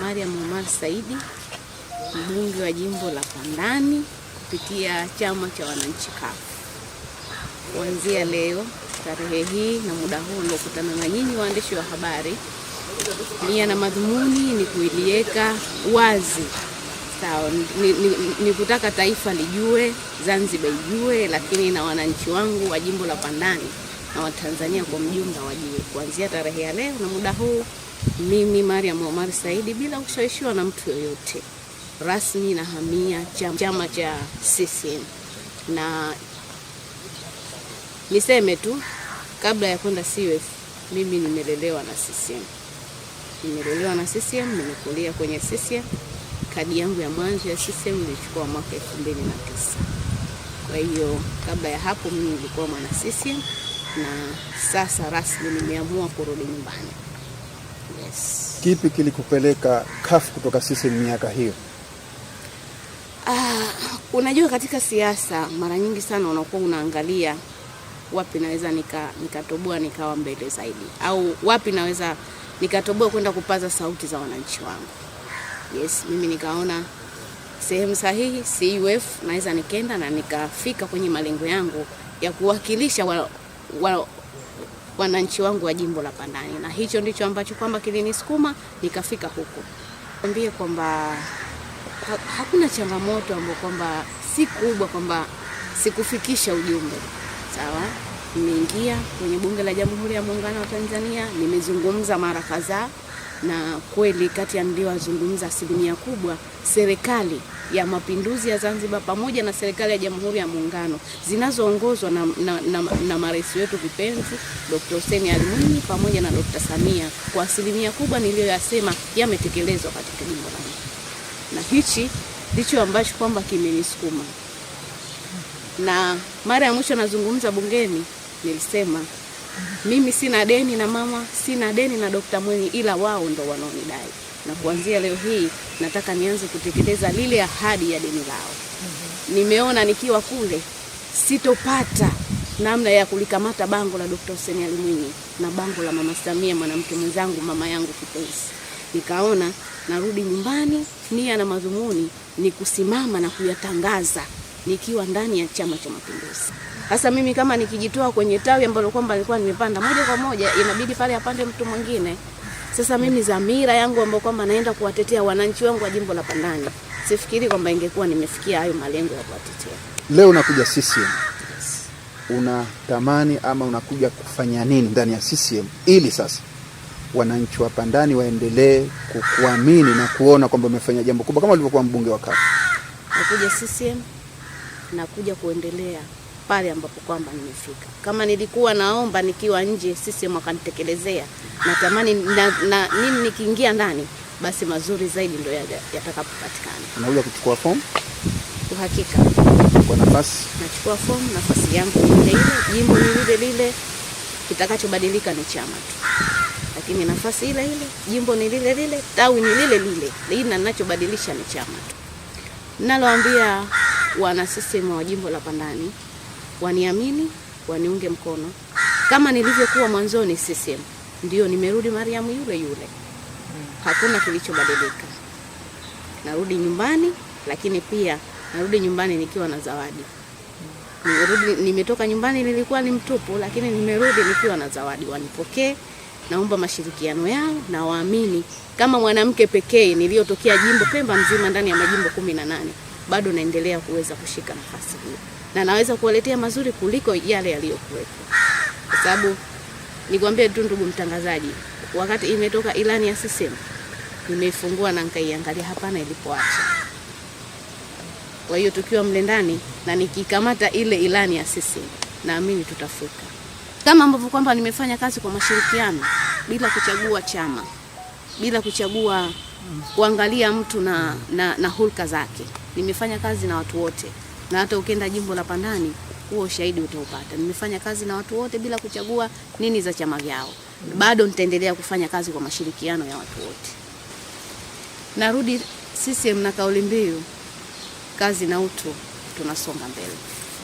Mariam Omar Saidi, mbunge wa jimbo la Pandani kupitia chama cha wananchi CUF. Kuanzia leo tarehe hii na muda huu unaokutana na nyinyi waandishi wa habari, nia na madhumuni ni kuilieka wazi sawa, ni, ni, ni kutaka taifa lijue, Zanzibar ijue, lakini na wananchi wangu wa jimbo la Pandani na Watanzania kwa mjumla wajue, kuanzia tarehe ya leo na muda huu mimi Mariam Omar Saidi, bila kushawishiwa na mtu yoyote, rasmi nahamia chama cha CCM, na niseme tu kabla ya kwenda CUF, mimi nimelelewa na CCM, nimelelewa na CCM, nimekulia kwenye CCM. Kadi yangu ya mwanzo ya CCM nilichukua mwaka 2009. Kwa hiyo kabla ya hapo mimi nilikuwa mwana CCM na sasa rasmi nimeamua kurudi nyumbani. Yes. Kipi kilikupeleka kafu kutoka sisi miaka hiyo? Uh, unajua katika siasa mara nyingi sana unakuwa unaangalia wapi naweza nikatoboa nika nikawa mbele zaidi au wapi naweza nikatoboa kwenda kupaza sauti za wananchi wangu. Yes, mimi nikaona sehemu sahihi CUF naweza nikaenda na nikafika kwenye malengo yangu ya kuwakilisha wa, wa, wananchi wangu wa jimbo la Pandani, na hicho ndicho ambacho kwamba kilinisukuma nikafika huko. Niambie kwamba hakuna changamoto ambayo kwamba si kubwa kwamba sikufikisha ujumbe sawa. Nimeingia kwenye bunge la Jamhuri ya Muungano wa Tanzania, nimezungumza mara kadhaa, na kweli kati ya niliowazungumza asilimia kubwa serikali ya Mapinduzi ya Zanzibar pamoja na serikali ya Jamhuri ya Muungano zinazoongozwa na, na, na, na marais wetu vipenzi Dr. Hussein Ali Mwinyi pamoja na Dr. Samia kwa asilimia kubwa niliyoyasema yametekelezwa katika jimbo langu, na hichi ndicho ambacho kwamba kimenisukuma. Na mara ya mwisho nazungumza bungeni nilisema mimi sina deni na mama, sina deni na Dr. Mwinyi, ila wao ndo wanaonidai na kuanzia leo hii nataka nianze kutekeleza lile ahadi ya deni lao. Nimeona nikiwa kule sitopata namna ya kulikamata bango la Dkt. Hussein Ali Mwinyi na bango la Mama Samia, mwanamke mwenzangu, mama yangu kipenzi. Nikaona narudi nyumbani, nia na madhumuni ni kusimama na kuyatangaza nikiwa ndani ya Chama cha Mapinduzi. Sasa mimi kama nikijitoa kwenye tawi ambalo kwamba nilikuwa nimepanda moja kwa moja, inabidi pale apande mtu mwingine. Sasa mimi dhamira yangu ambayo kwamba naenda kuwatetea wananchi wangu wa jimbo la Pandani, sifikiri kwamba ingekuwa nimefikia hayo malengo ya kuwatetea. Leo unakuja CCM, unatamani ama unakuja kufanya nini ndani ya CCM ili sasa wananchi wa Pandani waendelee kukuamini na kuona kwamba umefanya jambo kubwa kama ulivyokuwa mbunge wa Kafu? Nakuja CCM, nakuja kuendelea pale ambapo kwamba nimefika. Kama nilikuwa naomba nikiwa nje, sisi wakanitekelezea, natamani na, na nini nikiingia ndani, basi mazuri zaidi ndio yatakapopatikana. Unaweza kuchukua fomu uhakika, kwa nafasi nachukua fomu, nafasi yangu ile ile, jimbo ni lile lile, kitakachobadilika ni chama tu, lakini nafasi ile ile, jimbo ni lile lile, tawi ni lile lile, lakini ninachobadilisha ni chama tu. Naloambia wana CCM wa jimbo la Pandani waniamini, waniunge mkono kama nilivyokuwa mwanzoni. CCM ndio nimerudi Mariamu yule yule, hakuna kilichobadilika. Narudi nyumbani, lakini pia narudi nyumbani nikiwa na zawadi. Nimerudi, nimetoka nyumbani nilikuwa ni mtupu, lakini nimerudi nikiwa na zawadi. Wanipokee, naomba mashirikiano yao na waamini kama mwanamke pekee niliyotokea jimbo Pemba mzima ndani ya majimbo kumi na nane bado naendelea kuweza kushika nafasi hiyo na naweza kuwaletea mazuri kuliko yale yaliyokuwepo, kwa sababu nikwambie tu ndugu mtangazaji, wakati imetoka ilani ya CCM nimeifungua na nikaiangalia, hapana ilipoacha. Kwa hiyo tukiwa mle ndani na nikikamata ile ilani ya CCM, naamini tutafika, kama ambavyo kwamba nimefanya kazi kwa mashirikiano bila kuchagua chama, bila kuchagua kuangalia mtu na, na, na hulka zake. Nimefanya kazi na watu wote na hata ukienda jimbo la Pandani huo ushahidi utaupata. Nimefanya kazi na watu wote bila kuchagua nini za chama vyao, bado nitaendelea kufanya kazi kwa mashirikiano ya watu wote. Narudi CCM na kauli mbiu kazi na utu, tunasonga mbele.